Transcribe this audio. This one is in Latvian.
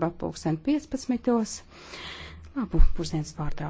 darba pulksten 15. Labu pusdienas pārtraukumu.